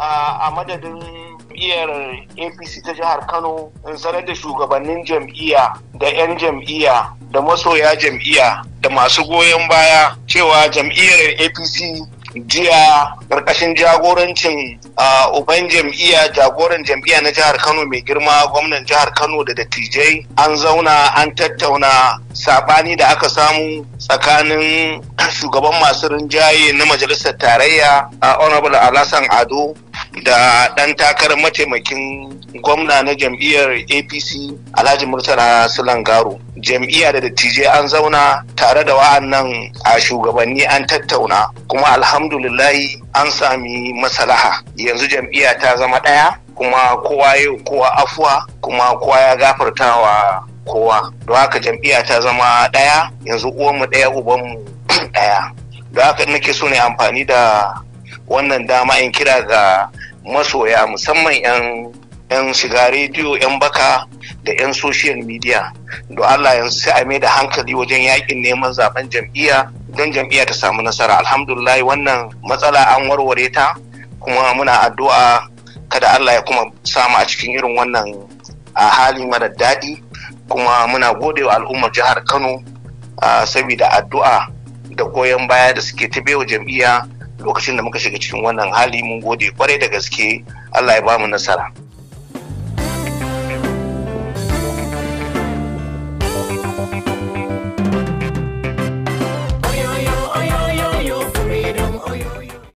a madadin jam'iyyar apc ta jihar kano in sanar da shugabannin jam'iyya da 'yan jam'iyya da masoya jam'iyya da masu goyon baya cewa jam'iyyar apc jiya ƙarƙashin jagorancin uban jam'iyya jagoran jam'iyya na jihar kano mai girma gwamnan jihar kano da dattijai an zauna an tattauna sabani da aka samu tsakanin shugaban masu rinjaye na majalisar tarayya a honorable alasan ado da ɗan takarar mataimakin gwamna na jam'iyyar apc alhaji murtala garo jam'iyya da dattijai an zauna tare da wa'annan a shugabanni an tattauna kuma alhamdulillahi an sami masalaha yanzu jam'iyya ta zama ɗaya kuma kowa yau kowa afuwa kuma kowa ya gafartawa kowa don haka jam'iyya ta zama ɗaya yanzu uwanmu ɗaya ubanmu ɗaya Da haka nake so ne amfani da wannan dama in kira ga masoya musamman 'yan yan shiga rediyo yan baka da yan social media da Allah yanzu sai a mai da hankali wajen yakin neman zaben jam'iyya don jam'iyya ta samu nasara alhamdulillah wannan matsala an warware ta kuma muna addu'a kada Allah ya kuma samu a cikin irin wannan a hali mara daɗi kuma muna gode wa al'ummar jihar Kano saboda addu'a da goyon baya da suke ta baiwa jam'iyya lokacin da muka shiga cikin wannan hali mun gode kwarai da gaske Allah ya bamu nasara